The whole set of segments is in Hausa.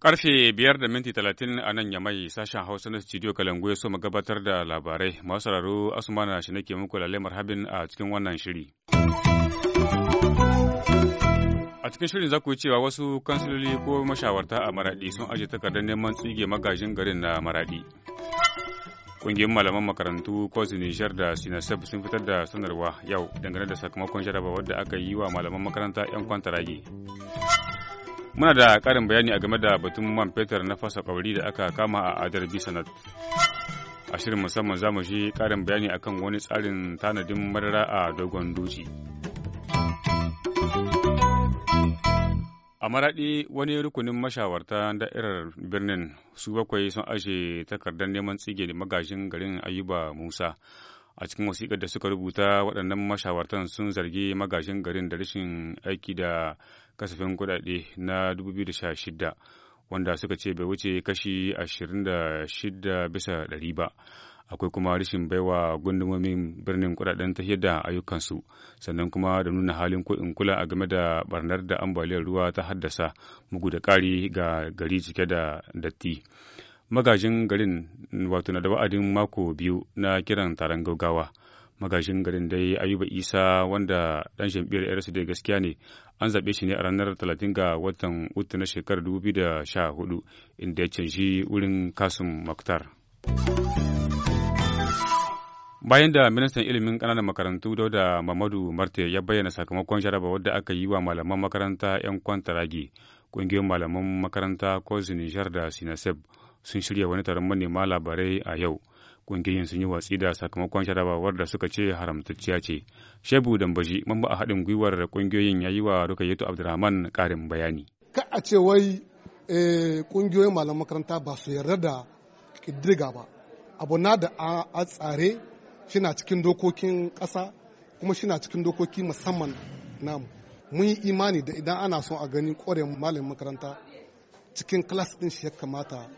Karfe biyar da minti talatin a nan ya yamai sashen Hausa na studio Kalangu ya so mu gabatar da labarai. Masu sauraro Asumana shi nake muku lalle marhabin a cikin wannan shiri. A cikin shirin za ku yi cewa wasu kansiloli ko mashawarta a Maraɗi sun aje takardar neman tsige magajin garin na Maraɗi. Ƙungiyar malaman makarantu ko Nijar da Sinasef sun fitar da sanarwa yau dangane da sakamakon jarabawar da aka yi wa malaman makaranta 'yan kwantarage. Muna da ƙarin bayani a game da batun man fetur na fasa ƙauri da aka kama a Adar Bisanat. A shirin musamman za mu shi ƙarin bayani akan wani tsarin tanadin madara a dogon duci. a maraɗi wani rukunin mashawarta da'irar birnin su bakwai sun ashe takardar neman tsige magajin garin ayuba musa a cikin wasiƙar da suka rubuta waɗannan mashawartan sun zargi magajin garin da rashin aiki da kasafin kuɗaɗe na 2016 wanda suka ce bai wuce kashi 26 bisa ɗari ba akwai kuma rashin baiwa gundumomin birnin kudaden tafiyar da ayyukansu sannan kuma da nuna halin kuɗin kula a game da barnar da ambaliyar ruwa ta haddasa mugu da ƙari ga gari cike da datti magajin garin wato na da wa'adin mako biyu na kiran taron gaugawa magajin garin dai ayuba isa wanda dan jam'iyyar da gaskiya ne an zaɓe shi ne a ranar 30 ga watan uku na shekarar 2014 inda ya canji wurin kasum maktar. bayan da ministan ilimin kananan makarantu dauda mamadu marte ya bayyana sakamakon jaraba wadda aka yi wa malaman makaranta 'yan kwantaragi ƙungiyoyin malaman makaranta ko da sinaseb sun shirya wani taron manema labarai a yau ƙungiyoyin sun yi watsi da sakamakon sharaba warda suka ce haramtacciya ce shebu dambaji mamba a haɗin gwiwar kungiyoyin ya yi wa rukayyatu abdulrahman ƙarin bayani ka a ce wai eh, ƙungiyoyin malaman makaranta ba su yarda da ƙiddiga ba abu na da a tsare shina cikin dokokin ƙasa kuma shina cikin dokoki musamman namu mun yi imani da idan ana so a gani ƙwarewa malamin makaranta cikin klas din shi ya kamata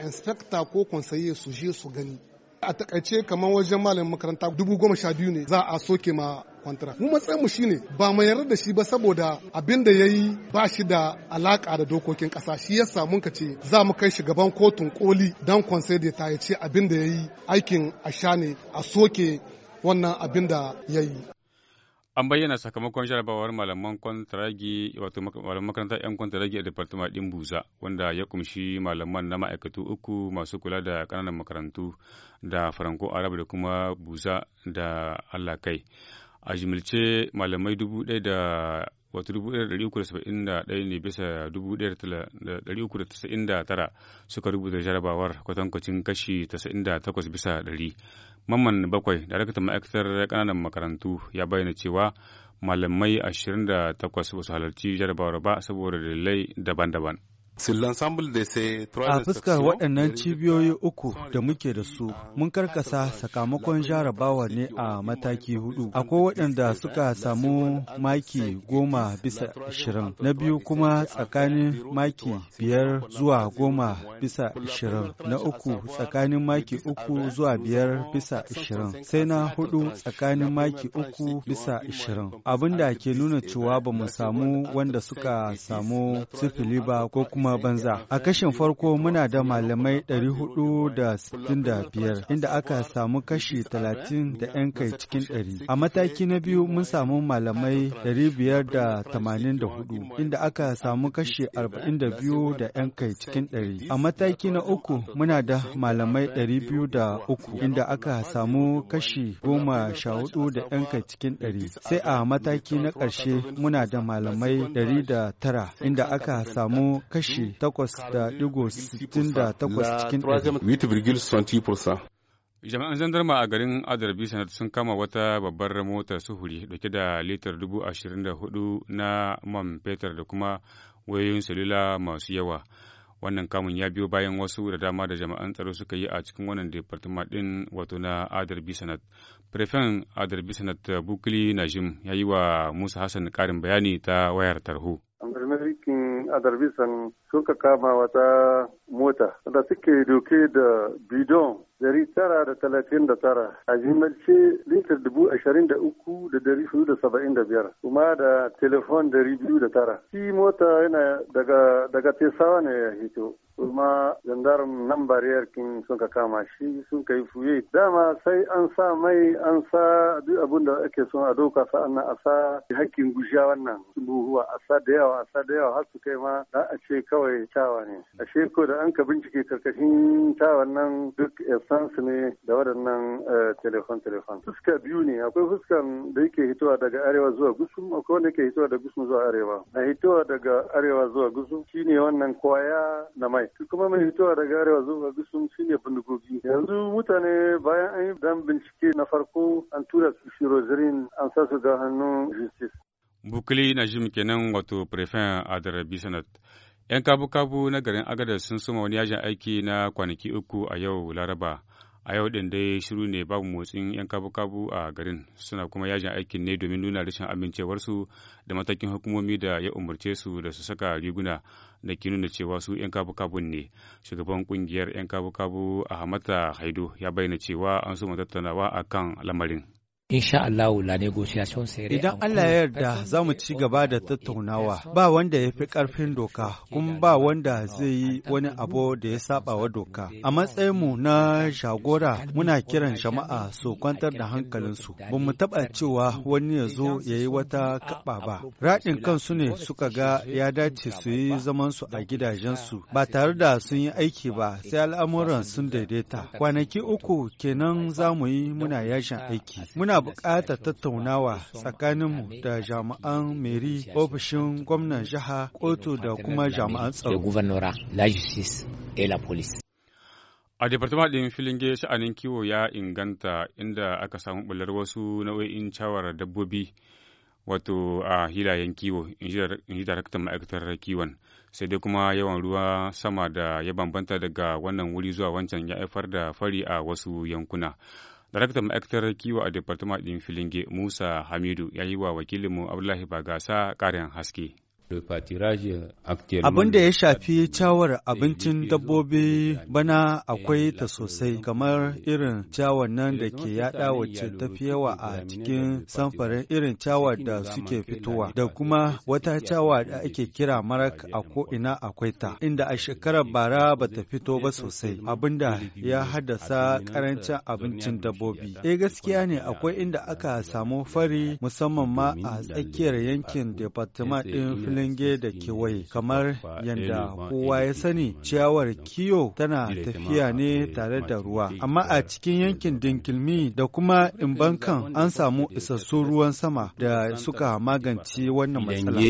inspector ko konsaye su je su gani a takaice kamar wajen malamin makaranta dubu goma sha biyu ne za a soke ma kwantara mu matsayin mu shine ba mu yarda da shi ba saboda abin da yayi ba shi da alaka da dokokin kasa shi yasa mun ka ce za mu kai shi gaban kotun koli dan conseil ta ya ce abin da yayi aikin a sha ne a soke wannan abin da yayi an bayyana sakamakon jarabawar malaman kwantaragi wato malaman makarantar 'yan kwantaragi a departement din buza wanda ya kumshi malaman na ma'aikatu uku masu kula da kananan makarantu da faranko arab da kuma buza da Allakai a jimilce malamai dubu ɗaya da wato 1,371 ne bisa 1,399 suka rubuta jarabawar kwatankwacin kashi 98 bisa 100. Mamman bakwai, da daraktan ma'aikatar ƙananan makarantu ya bayyana cewa malamai 28 ba su halarci jarabawar ba saboda dalilai daban-daban. A fuskar waɗannan cibiyoyi uku da muke da su, mun karkasa sakamakon jarabawa ne a mataki hudu. Akwai waɗanda suka samu maki goma bisa ashirin, na biyu kuma tsakanin maki biyar zuwa goma bisa ashirin, na uku tsakanin maki uku zuwa biyar bisa ashirin, sai na hudu tsakanin maki uku bisa ashirin. Abin da ke nuna cewa ba mu samu wanda suka samu sifili ba ko kuma kuma banza. A kashin farko muna da malamai 465 inda aka samu kashi 30 da 'yan kai cikin 100. A mataki na biyu mun samu malamai 584 inda aka samu kashi 42 da 'yan kai cikin 100. A mataki na uku muna da malamai 203 inda aka samu kashi 14 da 'yan kai cikin 100. Sai a mataki na ƙarshe muna da malamai 109 inda aka samu kashi kashi 8.68 cikin ɗari. Jami'an zandarma a garin Adarbi Sanat sun kama wata babbar motar suhuri dauke da litar dubu na man fetur da kuma wayoyin salula masu yawa. Wannan kamun ya biyo bayan wasu da dama da jama'an tsaro suka yi a cikin wannan departima ɗin wato na Adarbi Sanat. Prefen Adarbi Sanat Bukli Najim ya yi wa Musa Hassan ƙarin bayani ta wayar tarho. san adarbisan suka kama wata mota da suke doke da bidon dari tara da talatin da tara a jimalce litar dubu ashirin da uku da dari hudu da saba'in da biyar kuma da telefon dari biyu da tara shi mota yana daga daga tesawa ne ya hito kuma zandarin nan bariyar kin sun ka kama shi sun ka yi fuye dama sai an sa mai an sa duk abin da ake son a doka na a sa hakkin gushiya wannan buhuwa a sa da yawa a sa da yawa har su kai ma za a ce kawai tawa ne a sheko da an ka bincike karkashin tawa nan duk essence ne da waɗannan eh, telefon telefon fuska biyu ne akwai fuskan da yake hitowa daga arewa zuwa gusum akwai wanda yake hitowa da gusum zuwa arewa a hitowa daga arewa zuwa gusum shine wannan kwaya na mai kai kuma mai fitowa da garewa zuwa gusun shine bindigogi yanzu mutane bayan an yi dan bincike na farko an tura su shirozirin an sa su ga hannun justice bukuli na jim kenan wato prefen adar bisanat yan kabu-kabu na garin agadar sun suma wani yajin aiki na kwanaki uku a yau laraba a yau ɗin dai shiru ne babu motsin 'yan kabu-kabu a garin suna kuma yajin aikin ne domin nuna rashin amincewarsu da matakin hukumomi da ya umarce su da su saka riguna da ke nuna cewa su 'yan kabu-kabun ne shugaban kungiyar 'yan kabu-kabu a hamata haido ya bayyana cewa an so tattaunawa a kan lamarin insha Allahu la negotiation sere idan Allah ya yarda za mu ci gaba da tattaunawa ba wanda ya fi karfin doka kuma ba wanda zai yi wani abu da ya saba doka a matsayin mu na shagora muna kiran jama'a su kwantar da hankalinsu ba mu taɓa cewa wani ya zo ya yi wata kaba ba raɗin kansu ne suka ga ya dace su yi zaman su a gidajensu ba tare da sun yi aiki ba sai al'amuran sun daidaita kwanaki uku kenan za mu yi muna yashin aiki muna muna buƙatar tattaunawa tsakaninmu da jami'an meri ofishin gwamnan jiha kotu da kuma jami'an tsaro a departement ɗin filinge sha'anin kiwo ya inganta inda aka samu bular wasu nau'o'in cawar dabbobi wato a hilayen kiwo in ji daraktan ma'aikatar kiwon sai dai kuma yawan ruwa sama da ya bambanta daga wannan wuri zuwa wancan ya haifar da fari a wasu yankuna Daraktan ma'aikatar kiwo a Departement ɗin Filinge Musa Hamidu ya yi wa wakilinmu Abdullahi Bagasa ƙarin haske. Abin da ya shafi cawar abincin dabbobi bana akwai ta sosai kamar irin cawar nan da ke yada wacce ta fi yawa a cikin samfarin irin cawar da suke fitowa da kuma wata cawa da ake kira marak a ko'ina akwai ta inda a shekarar bara ba ta fito ba sosai abin da ya haddasa karancin abincin dabbobi. E gaskiya ne akwai inda aka samu fari musamman ma a tsakiyar yankin ɗin filinge da kewaye kamar yadda kowa ya sani ciyawar kiyo tana tafiya ne tare da ruwa amma a cikin yankin dinkilmi da kuma imbankan an samu isassun ruwan sama da suka magance wannan matsala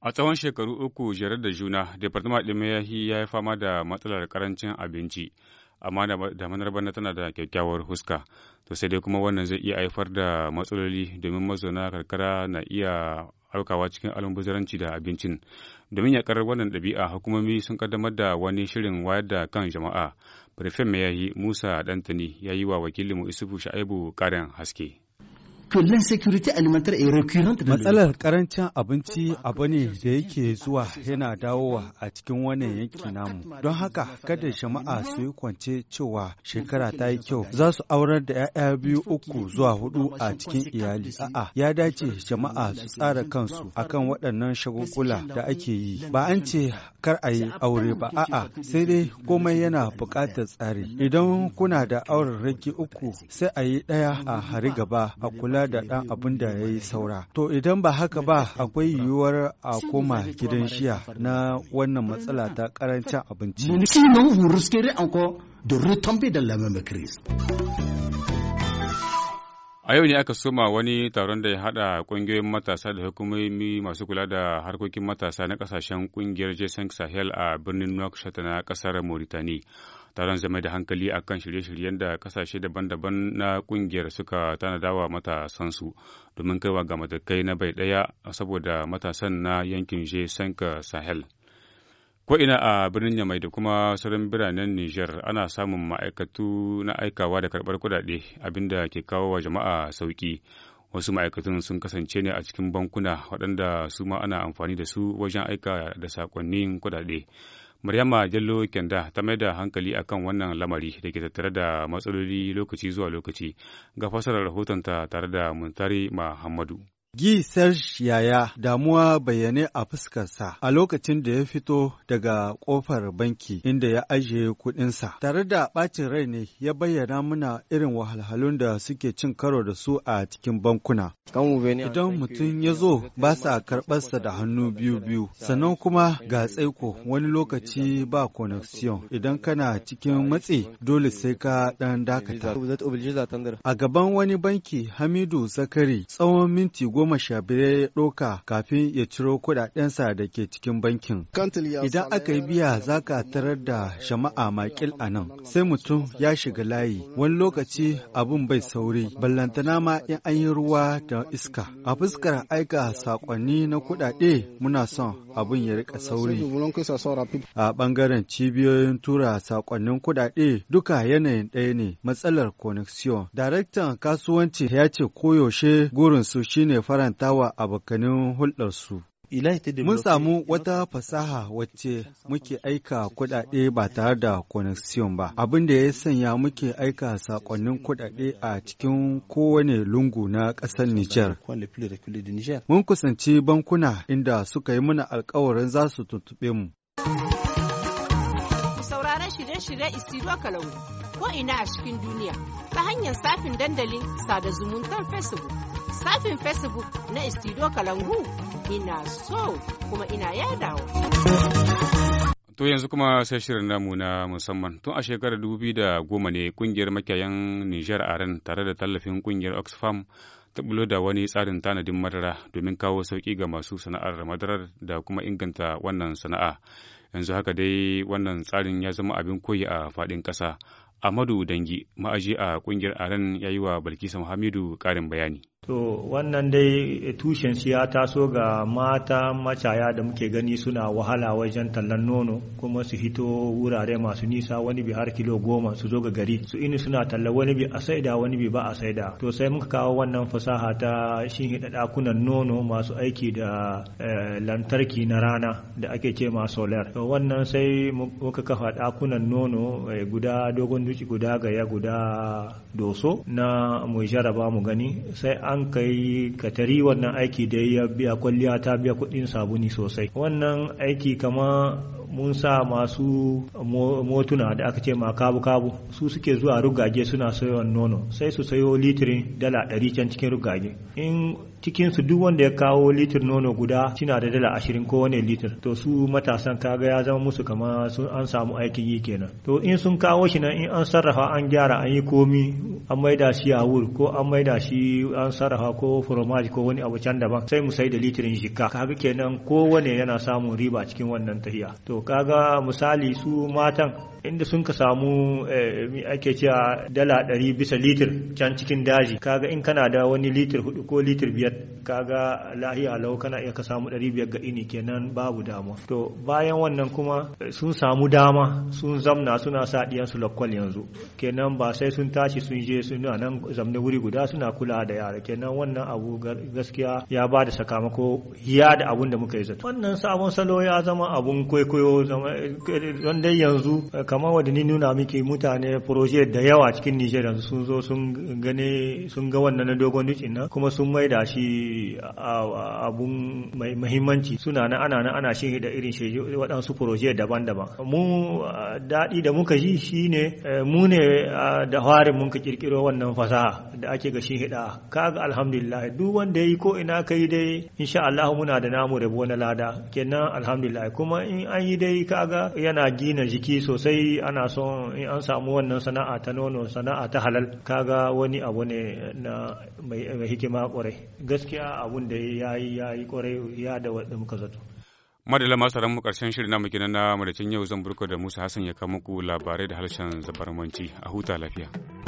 a tsawon shekaru uku jere da juna, Departement ɗin ya yi fama da matsalar karancin abinci. amma da manar bana tana da kyakkyawar huska to sai dai kuma wannan zai iya haifar da matsaloli domin mazauna karkara na iya aukawa cikin almubazaranci da abincin domin ya karar wannan ɗabi'a hukumomi sun kaddamar da wani shirin wayar da kan jama'a firfin mai yayi musa dantani ya yi wa wakilinmu isufu sha'ibu ƙarin haske que l'insécurité matsalar karancin abinci abu ne da yake zuwa yana dawowa a cikin wannan yanki namu don haka kada jama'a su yi kwance cewa shekara ta yi kyau za su aurar da 'ya'ya biyu uku zuwa hudu a cikin iyali a'a ya dace jama'a su tsara kansu akan waɗannan shagulgula da ake yi ba an ce kar a yi aure ba a'a sai dai komai yana buƙatar tsari idan kuna da auren rage uku sai a yi ɗaya a hari gaba a kula kula da ɗan abin da ya yi saura. To idan ba haka ba akwai yiwuwar a koma gidan shiya na wannan matsala ta ƙarancin abinci. A yau ne aka soma wani taron da ya haɗa ƙungiyoyin matasa da hukumomi masu kula da harkokin matasa na ƙasashen ƙungiyar Jason Sahel a birnin Nouakchott na ƙasar Mauritania. taron zai da hankali a kan shirye-shiryen da kasashe daban-daban na kungiyar suka tanadawa su domin kaiwa ga matakai na bai daya saboda matasan na yankin je sanka sahel ko'ina a birnin yamai da kuma sauran biranen niger ana samun ma'aikatu na aikawa da karbar kudade abinda ke kawo wa jama'a sauki wasu ma'aikatun sun kasance ne a cikin bankuna waɗanda su ma ana amfani da su wajen aika da saƙonnin kudade. Maryama Jallo Kenda ta mai da hankali akan wannan lamari da ke tattare da matsaloli lokaci zuwa lokaci ga fasarar rahotonta tare da Muntari Muhammadu. Gi Serge Yaya damuwa bayyane a fuskarsa a lokacin da ya fito daga kofar banki inda ya ajiye kuɗinsa. Tare da ɓacin rai ne ya bayyana muna irin wahalhalun da suke cin karo da su a cikin bankuna. Idan mutum ya zo ba sa karɓarsa da hannu biyu-biyu, sannan kuma ga tsaiko wani lokaci ba connection idan kana cikin matsi dole sai ka ɗan dakata. A gaban wani banki Hamidu Zakari tsawon minti goma goma sha biyar ya ɗauka kafin ya ciro kuɗaɗensa da ke cikin bankin. Idan aka yi biya za ka tarar da shama'a makil a nan, sai mutum ya shiga layi. Wani lokaci abun bai sauri, ballantana ma in an yi ruwa da iska. A fuskar aika saƙonni na kuɗaɗe muna son abun ya rika sauri. A ɓangaren cibiyoyin tura saƙonnin kuɗaɗe duka yanayin ɗaya ne matsalar connection. Daraktan kasuwanci ya ce koyaushe gurinsu shine faranta wa abokanin hulɗarsu. Mun samu wata fasaha wacce muke aika kuɗaɗe ba tare da connection ba, abin da ya sanya muke aika sakonnin kuɗaɗe a cikin kowane lungu na ƙasar Nijar. Mun kusanci bankuna inda suka yi mana alkawarin za su tuntuɓe mu. Sauraron shirye-shirye Isiru Kalau ko ina a cikin duniya ta hanyar safin dandalin sada zumuntar Facebook. safin facebook na istido kalangu ina so kuma ina yadawa. To yanzu kuma sai shirin namu na musamman tun a shekarar da goma ne kungiyar makiyayan Nijar ran tare da tallafin kungiyar Oxfam ta bulo da wani tsarin tanadin madara domin kawo sauki ga masu sana'ar madarar da kuma inganta wannan sana'a. Yanzu haka dai wannan tsarin ya zama abin koyi a faɗin ƙasa. Amadu Dangi, ma'aji a kungiyar ran ya yi wa balkisa muhammadu ƙarin bayani. to wannan dai tushen shi ya taso ga mata macaya da muke gani suna wahala wajen tallan nono kuma su hito wurare masu nisa wani bi har kilo goma su zo ga gari su ini suna talla wani bi a saida wani bi ba a saida to sai muka kawo wannan fasaha ta shi hida dakunan nono masu aiki da eh, lantarki na rana da ake ce ma solar to wannan sai muka kafa dakunan nono eh, guda dogon duci guda gaya guda doso na mu jaraba mu gani sai an an kai katari wannan aiki da ya biya kwalliya ta biya kuɗin sabuni sosai wannan aiki kama mun sa masu motuna da aka ce ma kabu-kabu su suke zuwa rugage suna sayo nono sai su sayo litirin dala ɗari can cikin rugage in cikinsu duk wanda ya kawo litir nono guda shina da dala ashirin ko wani litir to su matasan kaga ya zama musu kama an samu aikin yi kenan to in sun kawo shi nan in an sarrafa an gyara an yi komi an maida shi a wur ko an maida shi an sarrafa ko fromage ko wani abu can daban sai mu sai da litirin shika kaga kenan kowane yana samun riba cikin wannan tahiya to kaga misali su matan inda sun ka samu eh, ake cewa dala ɗari bisa litir can cikin daji kaga in kana da wani litir hudu ko litir biyar kaga lahiya lau kana iya ka samu ɗari biyar ga ini kenan babu dama. to bayan wannan kuma eh, sun samu dama sun zamna suna sa ɗiyansu lokwal yanzu kenan ba sai sun tashi sun je suna nan zamne wuri guda suna kula da yara kenan wannan abu gaskiya ya ba da sakamako ya da abun da muka yi zato wannan sabon salo ya zama abun kwaikwayo wanda eh, yanzu kamar wadda ni nuna miki mutane proje da yawa cikin Nijar yanzu sun zo sun gane sun ga wannan na dogon dutsen nan kuma sun da shi abun mai muhimmanci suna nan ana nan ana shi da irin shi waɗansu proje daban-daban mu daɗi da muka ji ne. E, mu ne da harin mun ka kirkiro wannan fasaha da ake ga shi hida kaga alhamdulillah duk wanda yayi ko ina kai dai insha Allah muna da namu rabo na lada kenan alhamdulillah kuma in an yi dai kaga yana gina jiki sosai dai ana so in an samu wannan sana'a ta nono sana'a ta halal kaga wani abu ne na mai hikima kwarai gaskiya abun da ya yi ya yi kwarai ya da wadda muka zato madalla masu mu karshen shirin namu kenan na madacin yau zan burka da Musa Hassan ya kawo muku labarai da harshen zabarmanci a huta lafiya